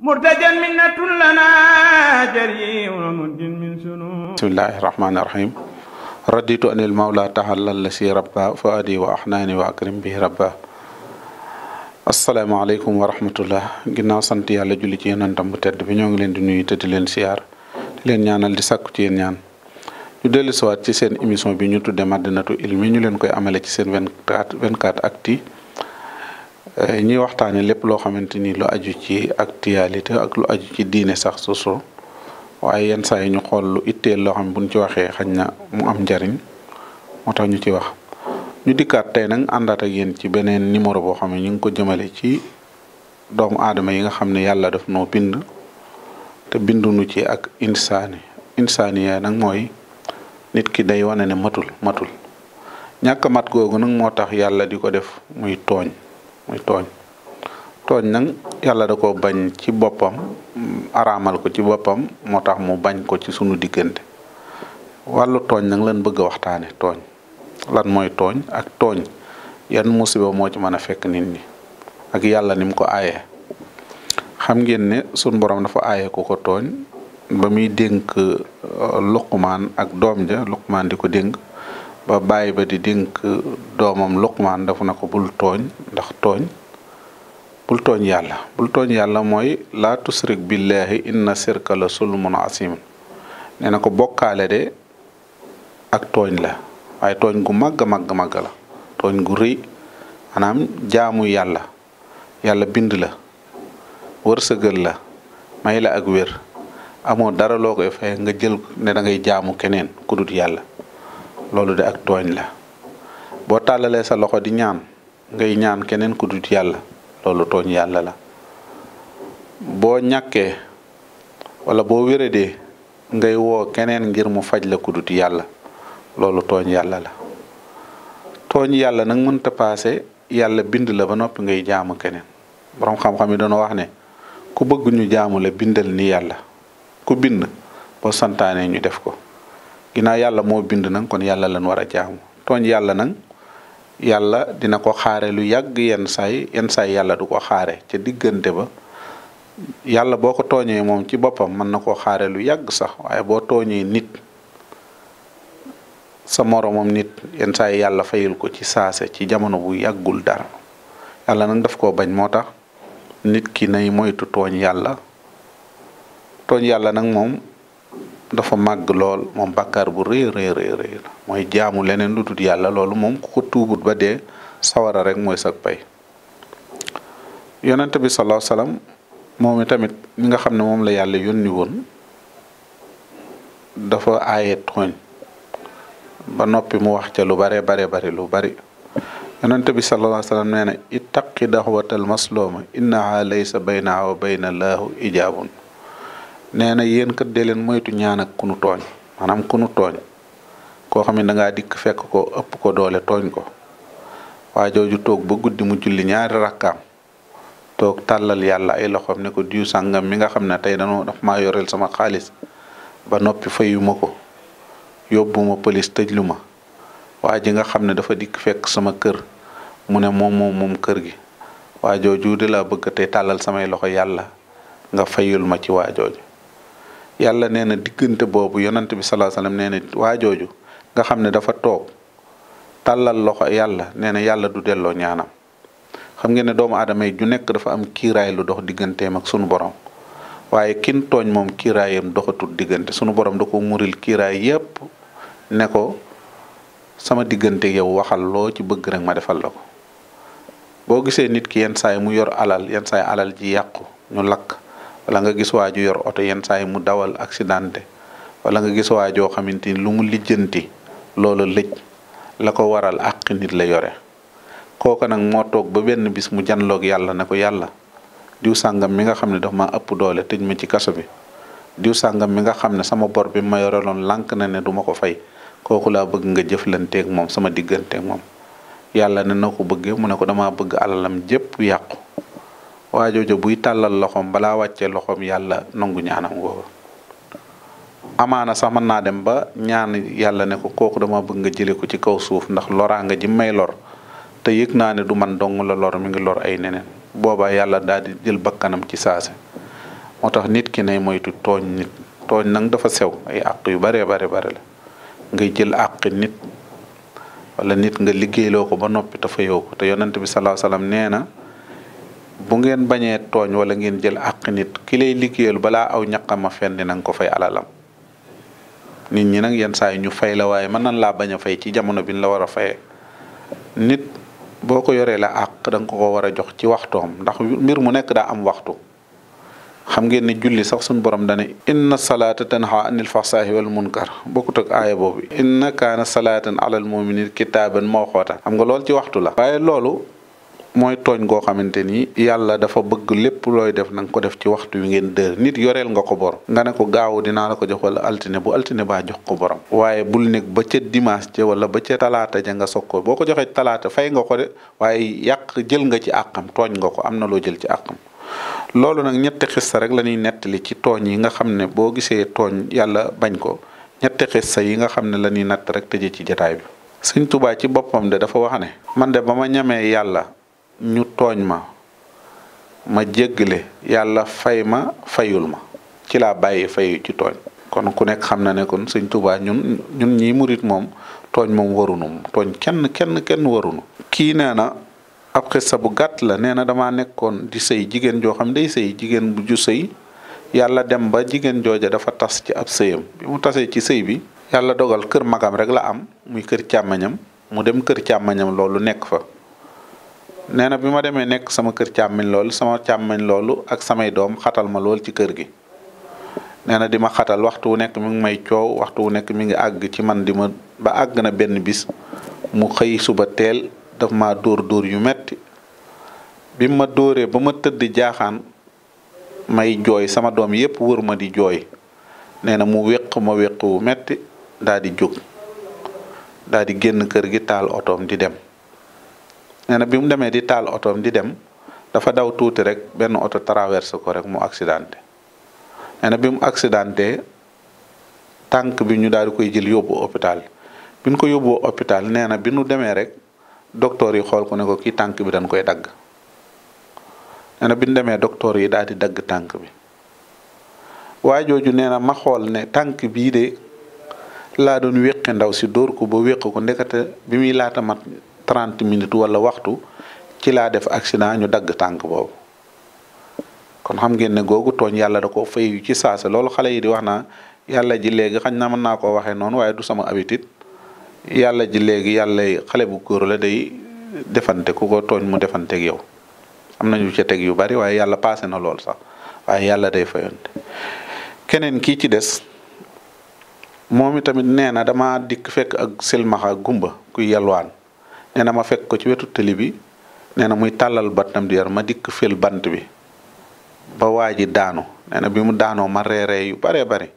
bismillaahi rahmaani rahiim raditu anil mawla taxalal la si rabba fa adi wa axnaani wa akrim bi rabba asalaamaaleykum wa rahmatullah ginnaaw sant yàlla julli ci yonentam bu tedd bi ñoo ngi leen di nuyu te di leen siyaar di leen ñaanal di sàkku ci yéen ñaan ñu dellusiwaat ci seen émission bi ñu tudde Madinatu Ilmi ñu leen koy amale ci seen 24 24 actu Euh, ñuy waxtaanee lépp loo xamante ni lu aju ci ak actualité ak lu aju ci diine sax susu waaye yenn saa yi ñu xool lu itteel loo xam ne buñ ci waxee xañ na mu am njariñ moo tax ñu ci wax ñu dikkaat tey nag àndaat ak yéen ci beneen numéro boo xam ne ñu ngi ko jëmale ci doomu aadama yi nga xam ne yàlla def noo bind te binduñu ci ak insaani insaani ya nag mooy nit ki day wane ne matul matul ñàkk mat googu nag moo tax yàlla di ko def muy tooñ muy tooñ tooñ nag yàlla da ko bañ ci boppam araamal ko ci boppam moo tax mu bañ ko ci sunu diggante wàllu tooñ nag lan bëgg a waxtaane tooñ lan mooy tooñ ak tooñ yan musiba moo ci mën a fekk nit ñi ak yàlla ni mu ko aayee xam ngeen ne sunu borom dafa aaye ku ko tooñ ba muy dénk euh, Luqmaan ak doom ja Luqmaan di ko dénk ba bàyyi ba di dénk doomam Luqmaan dafa na ko bul tooñ ndax tooñ bul tooñ yàlla bul tooñ yàlla mooy laa tusrik billahi inna sirka la sulmun asim nee na ko bokkaale de ak tooñ la waaye tooñ gu màgg màgg màgg la tooñ gu rëy maanaam jaamu yàlla yàlla bind la wërsëgël la may la ak wér amoon dara loo koy fay nga jël ne dangay ngay jaamu keneen ku yàlla loolu de ak tooñ la boo tàllalee sa loxo di ñaan ngay ñaan keneen ku dut yàlla loolu tooñ yàlla la boo ñàkkee wala boo wéradee ngay woo keneen ngir mu faj la ku yàlla loolu tooñ yàlla la tooñ yàlla nag mën paase yàlla bind la ba noppi ngay jaamu keneen boroom xam-xam yi doon wax ne ku bëgg ñu jaamu la bindal ni yàlla ku bind boo santaanee ñu def ko ginnaaw yàlla moo bind nag kon yàlla lan war a jaamu tooñ yàlla nag yàlla dina ko xaare lu yàgg yenn saay yenn saay yàlla du ko xaare ca diggante ba yàlla boo ko tooñee moom ci boppam mën na koo xaare lu yàgg sax waaye boo tooñee nit sa moromam nit yenn saay yàlla fayul ko ci saase ci jamono bu yàggul dara yàlla nag def koo bañ moo tax nit ki nay moytu tooñ yàlla tooñ yàlla nag moom dafa màgg lool moom bàkkaar bu rëy rëy rëy mooy jaamu leneen lu dul yàlla loolu moom ku ko tuubut ba dee sawara rek mooy sag pay yonent bi sallallahu alayhi wasallam moom tamit ñi nga xam ne moom la yàlla yónni woon dafa aaye tooñ ba noppi mu wax ca lu bare bare bari lu bari yonent bi sallallahu alayhi wasallam nee na ittaqi daxwatal masluma innaha laysa baynaha wa bayna llaahu ijaabun nee na yéen kat dee leen moytu ñaan kunu ku tooñ maanaam ku nu tooñ koo xam ne da dikk fekk ko ëpp ko doole tooñ ko waa jooju toog ba guddi mu julli ñaari rakkaam toog tàllal yàlla ay loxoom ne ko diw sàngam mi nga xam ne tey danoo daf maa yoreel sama xaalis ba noppi fayuma ko yóbbuma pëlis tëjlu ma waa ji nga xam ne dafa dikk fekk sama kër mu ne moom moom kër gi waa jooju de laa bëgg tey tàllal samay loxo yàlla nga fayul ma ci waa jooju yàlla nee na diggante boobu yonent bi salaa salaam nee na waajooju nga xam ne dafa toog tàllal loxo yàlla nee na yàlla du delloo ñaanam xam ngeen ne doomu aadama yi ju nekk dafa am kiiraay lu dox digganteem ak sunu borom waaye kin tooñ moom kiiraayam doxatul diggante sunu borom da ko muril kiiraay yépp ne ko sama diggante yow waxal loo ci bëgg rek ma defal la ko boo gisee nit ki yenn saay mu yor alal yenn saay alal ji yàqu ñu lakk wala nga gis waa yor oto yenn saay mu dawal accidenté wala nga gis waa joo xamante ni lu mu lijjanti loola lëj la ko waral ak nit la yore kooka nag moo toog ba benn bis mu janloog yàlla ne ko yàlla diw sàngam mi nga xam ne dafa ma ëpp doole tëj ma ci kaso bi diw sàngam mi nga xam ne sama bor bi ma yoreloon lànk na ne duma ko fay kooku laa bëgg nga jëflanteeg moom sama digganteeg moom yàlla ne na ko bëggee mu ne ko dama bëgg alalam jépp yàqu waa jooja buy tàllal loxoom balaa wàccee loxoom yàlla nangu ñaanam googa amaana sax mën naa dem ba ñaan yàlla ne ko kooku dama bëgg nga jële ko ci kaw suuf ndax loraanga ji may lor te yëg naa ne du man dong la lor mi ngi lor ay neneen boobaa yàlla daal di jël bakkanam ci saase moo tax nit ki nay moytu tooñ nit tooñ nag dafa sew ay àq yu bare bare bare la ngay jël àq nit wala nit nga liggéeyloo ko ba noppi te fayoo ko te yonent bi sallallahu alayhi wasallam nee na bu ngeen bañee tooñ wala ngeen jël àq nit ki lay liggéeyal balaa aw ñaqama fenn na nga ko fay alalam nit ñi nag yenn saa ñu fay la waaye mën nañ laa bañ a fay ci jamono bi la war a fayee nit boo ko yoree la àq da ko ko war a jox ci waxtoom ndax mbir mu nekk daa am waxtu xam ngeen ne julli sax suñu borom dane inna salaata tanha anil faxsaahi wal munkar bokkut ak aaya boobu inna kaana salaatan alal muminin kitaaban mawxoota xam nga loolu ci waxtu la waaye loolu mooy tooñ goo xamante ni yàlla dafa bëgg lépp looy def na nga ko def ci waxtu wi ngeen dër nit yoreel nga ko bor nga ne ko gaaw dina la ko jox wala altine bu altine baa jox ko borom waaye bul nekk ba ca dimanche ja wala ba ca talaata ja nga soog ko boo ko joxee talaata fay nga ko waaye yàq jël nga ci àqam tooñ nga ko am na loo jël ci àqam loolu nag ñetti sa rek la ñuy nettali ci tooñ yi nga xam ne boo gisee tooñ yàlla bañ ko ñetti xissa yi nga xam ne la ñuy natt rek ci jataay bi sëñ Tuubaa ci boppam de dafa wax ne man de ba ma ñamee yàlla ñu tooñ ma ma jéggale yàlla fay ma fayul ma ci laa bàyyi fayu ci tooñ kon ku nekk xam na ne kon sëñ Tuubaa ñun ñun ñii murit moom tooñ moom warunu tooñ kenn kenn kenn warunu kii nee na ab xissa bu gàtt la nee na dama nekkoon di sëy jigéen joo xam day sëy jigéen bu ju sëy yàlla dem ba jigéen jooja dafa tas ci ab sëyam bi mu tasee ci sëy bi yàlla dogal kër magam rek la am muy kër càmmañam mu dem kër càmmañam loolu nekk fa nee na bi ma demee nekk sama kër càmmiñ loolu sama càmmiñ loolu ak samay doom xatal ma lool ci kër gi nee na di ma xatal waxtu wu nekk mu ngi may coow waxtu wu nekk mi ngi àgg ci man di ma ba àgg na benn bis mu xëy suba teel daf ma dóor dóor yu metti bi ma dóoree ba ma tëdd jaaxaan may jooy sama doom yépp wër ma di jooy nee na mu wéq ma wéq wu metti daldi jóg daa génn kër gi taal otoom di dem nee na bi mu demee di taal otoom di dem dafa daw tuuti rek benn oto traversé ko rek mu accidenté nee na bi mu accidenté tànk bi ñu daal di koy jël yóbbu hôpital bi ñu ko yóbbu hôpital nee na bi ñu demee rek docteur yi xool ko ne ko kii tànk bi dañ koy dagg nee na demee docteur yi daal di dagg tànk bi waa jooju neena ma xool ne tànk bii de laa doon wéqi ndaw si dóor ko ba wéq ko ndekete bi muy laata mat 30 minutes wala waxtu ci laa def accident ñu dagg tànk boobu kon xam ngeen ne googu tooñ yàlla da ko fayu ci saasa loolu xale yi di wax naa yàlla ji léegi xañ na mën naa koo waxee noonu waaye du sama habitude yàlla ji léegi yàlla xale bu góor la day defante ku ko tooñ mu defanteeg yow am na ñu ca teg yu bari waaye yàlla paase na lool sax waaye yàlla day fayonte keneen kii ci des moom itamit nee na dama dikk fekk ak silmaxa gumba kuy yalwaan nee na ma fekk ko ci wetu tëli bi nee na muy tàllal bantam di yar ma dikk fil bant bi ba waa ji daanu bi mu daanoo ma reeree yu baree bari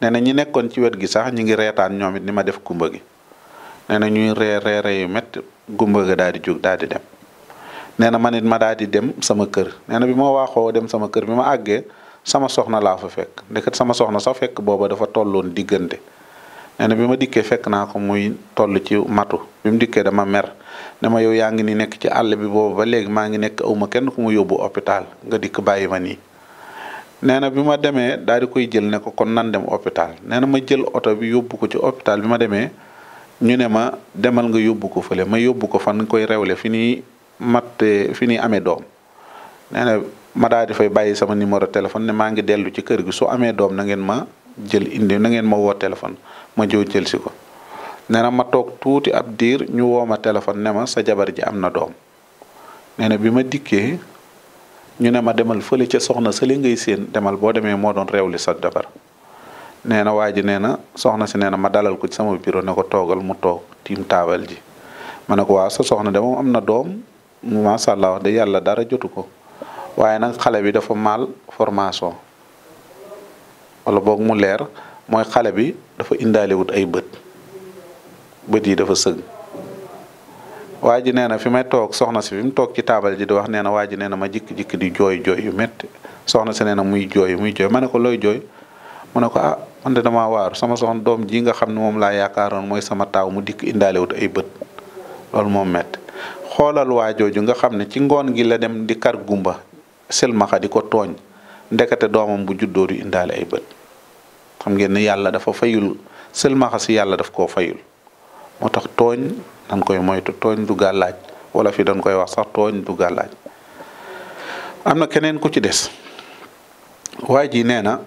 nee na ñi nekkoon ci wet gi sax ñi ngi reetaan ñoom it ni ma def gumba gi nee na ñuy ree reeree yu métti gumba ga daal di jóg daal di dem nee na man it ma daal di dem sama kër nee na bi ma waaxoo dem sama kër bi ma àggee sama soxna laa fa fekk ndeket sama soxna sax fekk booba dafa tolloon diggante nee bi ma dikkee fekk naa ko muy toll ci matu bi mu dikkee dama mer ne ma yow yaa ngi ni nekk ci àll bi boobu ba léegi maa ngi nekk awma kenn ku mu yóbbu hôpital nga dikk bàyyi ma nii nee na bi ma demee daal di koy jël ne ko kon nan dem hôpital nee na ma jël oto bi yóbbu ko ci hôpital bi ma demee ñu ne ma demal nga yóbbu ko fële ma yóbbu ko fan nga koy rewle fi ñuy matte fi ñuy amee doom nee na ma daal di fay bàyyi sama numéro téléphone ne maa ngi dellu ci kër gi su amee doom na ngeen ma jël indi na ngeen ma woo téléphone ma jëw jël si na ma toog tuuti ab diir ñu woo ma téléphone nema sa jabar ji am na doom nee bi ma dikkee ñu ne ma demal fële ca soxna sa sële ngay séen demal boo demee moo doon réew sa jabar nee na waa ji nee na soxna si nee na ma dalal ko ci sama bureau ne ko toogal mu toog tiim taabal ji ma ne ko waaw sa soxna de am na doom macha allah wax yàlla dara jotu ko waaye nag xale bi dafa mal formation olo boog mu leer mooy xale bi dafa indaalewut ay bët bët yi dafa sëg waa ji nee na fi may toog soxna si fi mu toog ci taabal ji di wax nee na waa nee na ma jikk-jikk di jooy jooy yu métti soxna si nee na muy jooy muy jooy ma ne ko looy jooy mu ne ko ah man de damaa waaru sama soxna doom ji nga xam ne moom laa yaakaaroon mooy sama taaw mu dikk indaalewut ay bët loolu moom métti xoolal waa jooju nga xam ne ci ngoon gi la dem di kar gumba silmaxa di ko tooñ ndekete doomam bu juddoo du ay bët xam ngeen ne yàlla dafa fayul sëlmaxa si yàlla daf koo fayul moo tax tooñ dañ koy moytu tooñ du gàllaaj wala fi dañ koy wax sax tooñ du gàllaaj am na keneen ku ci des waa ji nee na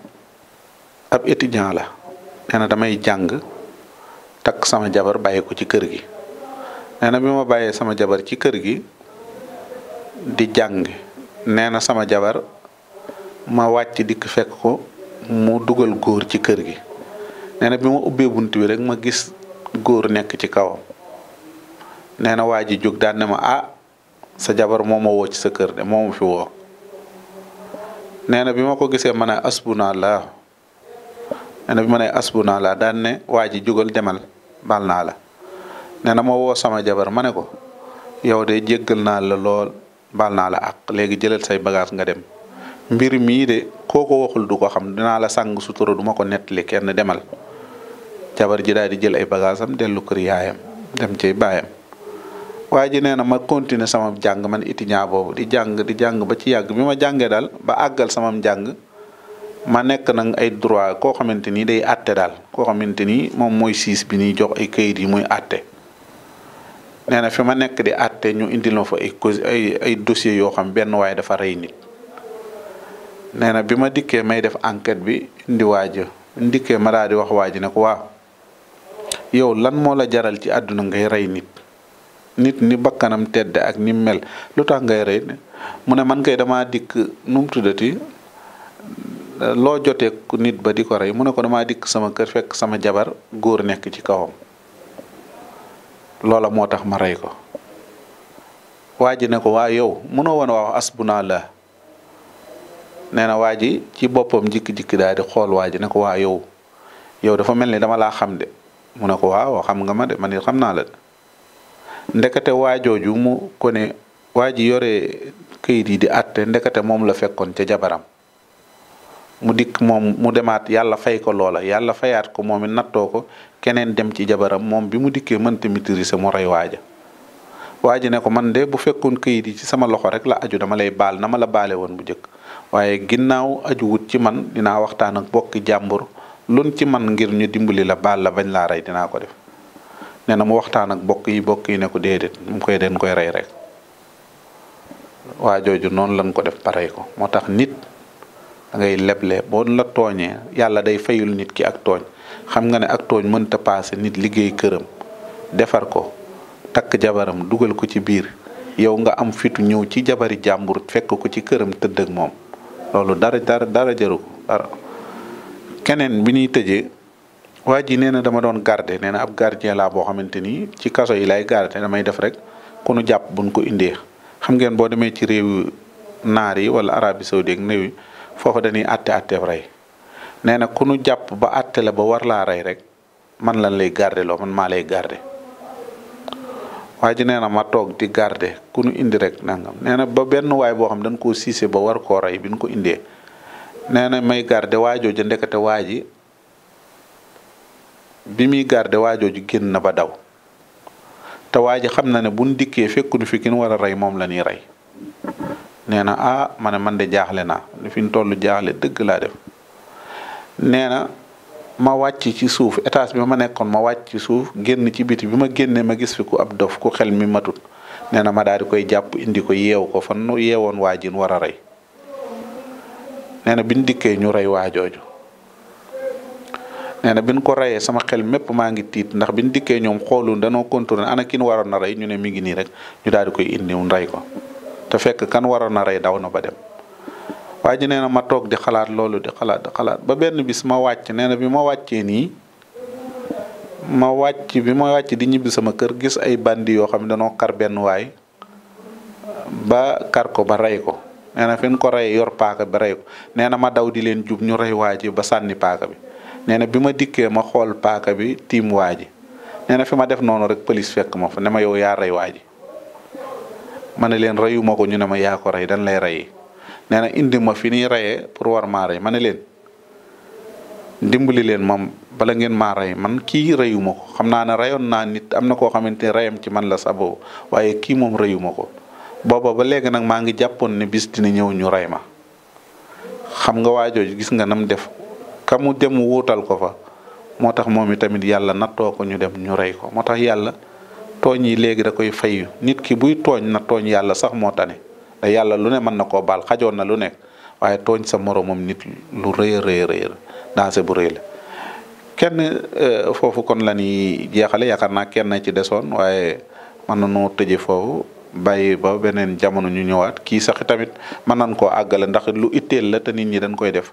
ab étudiant la nee damay jàng takk sama jabar bàyyi ko ci kër gi nee na bi ma bàyyee sama jabar ci kër gi di jàng nee na sama jabar ma wàcc dikk fekk ko mu dugal góor ci kër gi nee bi ma ubbee bunt bi rek ma gis góor nekk ci kawam nee na waa ji jóg daan ma ah sa jabar moo ma woo ci sa kër de moom ma fi woo nee bi ma ko gisee ma ne asbuna laa nee na bi ma ne asbuna laa daan ne waa ji jógal demal bal naa la nee na ma woo sama jabar ma ne ko yow de jéggal naa la lool bal naa la ak léegi jëlal say bagage nga dem mbir mii de koo waxul du ko xam dinaa la sàng sutura duma ko nettali kenn demal jabar ji daal di jël ay bagages am dellu kër yaayam dem ci baayam waa ji nee na ma continuer sama jàng man étudiant boobu di jàng di jàng ba ci yàgg bi ma jàngee daal ba àggal sama jàng ma nekk nag ay droit koo xamante ni day àtte daal koo xamante ni moom mooy siis bi ñuy jox ay kayit yi muy atte nee na fi ma nekk di àtte ñu indil ma fa ay ay ay dossiers yoo xam benn waaye dafa rey nit. nee na bi ma dikkee may def enquête bi ndi waaja ndikkee ma daal di wax waaji ne ko waaw yow lan moo la jaral ci àdduna ngay rey nit nit ni bakkanam tedd ak ni mel lu tax ngay rey mu ne man kay dama dikk nu tuddati loo jotee nit ba di ko rey mu ne ko damaa dikk sama kër fekk sama jabar góor nekk ci kawam loola moo tax ma rey ko waa ji ne ko waa yow mënoo woon wax asbunallah nee na waa ji ci boppam jikki-jikki daal di xool waa ne ko waa yow yow dafa mel ni dama laa xam de mu ne ko waaw xam nga ma de man xam naa la de ndekete waajooju mu kone ne waa ji yore këyit yi di àtte ndekete moom la fekkoon ca jabaram mu dikk moom mu demaat yàlla fay ko loola yàlla fayaat ko moom it nattoo ko keneen dem ci jabaram moom bi mu dikkee mënta maîtriser mu rey waaja waa ji ne ko man de bu fekkoon këyit yi ci sama loxo rek la ajo dama lay baal na ma la baale woon bu njëkk waaye ginnaaw ajuwut ci man dinaa waxtaan ak bokki jàmbur luñ ci man ngir ñu dimbali la baal la bañ laa rey dinaa ko def nee na mu waxtaan ak bokk yi bokk yi ne ko déedéet mu koy den koy rey rek waa jooju noonu lañ ko def parey ko moo tax nit da ngay leble boo la tooñee yàlla day fayul nit ki ak tooñ xam nga ne ak tooñ mënta paase nit liggéey këram defar ko takk jabaram dugal ko ci biir yow nga am fitu ñëw ci jabari jàmbur fekk ko ci këram tëdd ak moom loolu dara dara dara jëru dara keneen bi ñuy tëjee waa ji nee na dama doon garder nee na ab gardien la boo xamante ni ci kaso yi lay garder damay def rek ku nu jàpp buñ ko indee xam ngeen boo demee ci réew naar yi wala Arabie Saoudite ak néew yi foofa dañuy àtte àtteef rey nee na ku nu jàpp ba àtte ba war rey rek man lan lay garder loo man maa lay garder. waa ji nee na ma toog di garder ku nu indi rek nangam nee ba benn waay boo xam dañ koo siise ba war koo rey bi ñu ko indee nee na may garder waajoo ji ndekete waa ji bi muy garder waajoo ji génn na ba daw te waa ji xam na ne bu dikkee fekkuñu fi ki nu war a rey moom la ñuy rey nee na ah ma ne man de jaaxle naa li fi ñu toll jaaxle dëgg laa def nee na ma wàcc ci suuf étage bi ma nekkoon ma wàcc ci suuf génn ci biti bi ma génnee ma gis fi ku ab dof ku xel mi matut nee na ma daal di koy jàpp indi ko yeew ko fan nu yeewoon waa ji war a rey nee na biñ dikkee ñu rey waa jooju nee na biñ ko reyee sama xel mépp maa ngi tiit ndax biñ dikkee ñoom xoolu danoo contourné ana kin waroon na rey ñu ne mi ngi nii rek ñu daal di koy indi ñu rey ko te fekk kan waroon na rey daw na ba dem. waaj ji nee na ma toog di xalaat loolu di xalaat xalaat ba benn bis ma wàcc nee na bi ma wàccee nii ma wàcc bi ma wàcc di ñibbi sama kër gis ay bandi yoo xam ne danoo kar benn waay ba kar ko ba rey ko nee na fi ko rey yor paaka ba rey ko nee na ma daw di leen jub ñu rey waa ji ba sànni paaka bi nee na bi ma dikkee ma xool paaka bi tiim waa ji nee na fi ma def noonu rek police fekk ma fa ne ma yow yaa rey waa ji ma ne leen reyuma ko ñu ne ma yaa ko rey dañ lay rey nee na indi ma fi nii rayee pour war maa rey ma ne leen dimbali leen moom bala ngeen ma rey man kii reyuma ko xam naa ne reyoon naa nit am na koo xamante ne reyam ci man la saboo waaye kii moom reyuma ko booba ba léegi nag maa ngi jàppoon ne bis dina ñëw ñu rey ma xam nga waajooju gis nga nam def ka mu dem wuutal ko fa moo tax moom itamit yàlla nattoo ko ñu dem ñu rey ko moo tax yàlla tooñ yi léegi da koy fayu nit ki buy tooñ na tooñ yàlla sax moo tane yàlla lu ne mën na koo baal xajoon na lu nekk waaye tooñ sa moroomam nit lu rëy rëy rëy dansé bu rëy la kenn euh, foofu kon la ñuy jeexale yaakaar naa kenn ci desoon waaye mën nañoo tëje foofu bàyyi ba beneen jamono ñu ñëwaat kii sax tamit mën nañ koo àggale ndax lu itteel la te nit ñi dañ koy def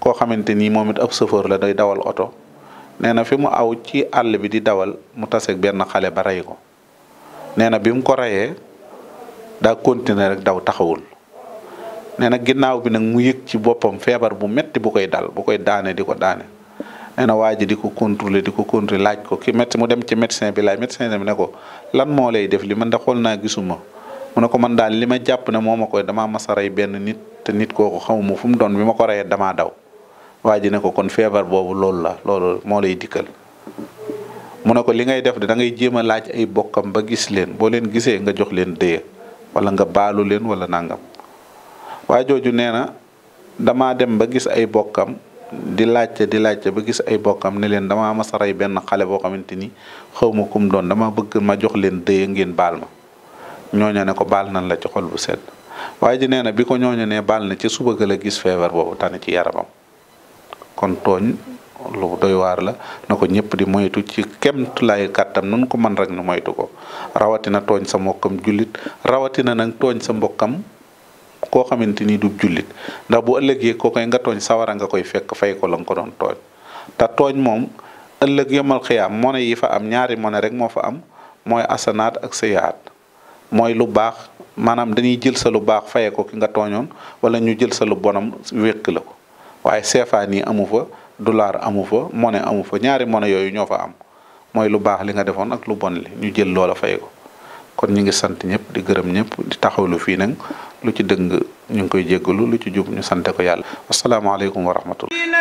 koo xamante ni moom it ab la day dawal oto nee na fi mu aw ci àll bi di dawal mu taseeg benn xale ba rey ko nee ko reyee daa continuer rek daw taxawul nee na ginnaaw bi nag mu yëg ci boppam feebar bu metti bu koy daal bu koy daane di ko daane nee na waa ji di ko contrôler di ko contrôler laaj ko ki médecin mu dem ci médecin bi laaj médecin bi ne ko lan moo lay def li man da xool naa gisuma mu ne ko man daal li ma jàpp ne moo ma koy damaa mas benn nit te nit kooku xamuma fu mu doon bi ma ko reyee damaa daw waa ji ne ko kon feebar boobu loolu la loolu moo dikkal mu ne ko li ngay def da ngay jéem a laaj ay bokkam ba gis leen boo leen gisee nga jox leen dëye wala nga baalu leen wala nangam waa jooju nee na damaa dem ba gis ay bokkam di laajte di laajte ba gis ay bokkam ne leen dama mas a rey benn xale boo xamante ni xaw ma kum doon dama bëgg ma jox leen dëye ngeen baal ma ñooñu ne ko baal na la ci xol bu sedd waaye ji nee na bi ko ñooñu ne baal na ci suba ga la gis feebar boobu tane ci yaramam kon tooñ lu doy waar la na ko ñëpp di moytu ci kemtulaay kàttam nun ko man rek nu moytu ko rawatina tooñ sa mbokkam jullit rawatina nag tooñ sa mbokkam koo xamante ni du julit ndax bu ëllëgee koo koy nga tooñ sawara nga koy fekk fay ko la nga ko doon tooñ te tooñ moom ëllëg yomal xiyaam mone yi fa am ñaari mone rek moo fa am mooy asanaat ak sayaat mooy lu baax maanaam dañuy jël sa lu baax faye ko ki nga tooñoon wala ñu jël sa lu bonam wékk la ko waaye seefaan yi amu dollar amu fa monnaie amu fa ñaari monnaie yooyu ñoo fa am mooy lu baax li nga defoon ak lu bon li ñu jël loola fay ko kon ñu ngi sant ñëpp di gërëm ñëpp di taxawlu fii nag lu ci dëng ñu ngi koy jéggalu lu ci jub ñu sante ko yàlla asalaamaaleykum wa rahmatullah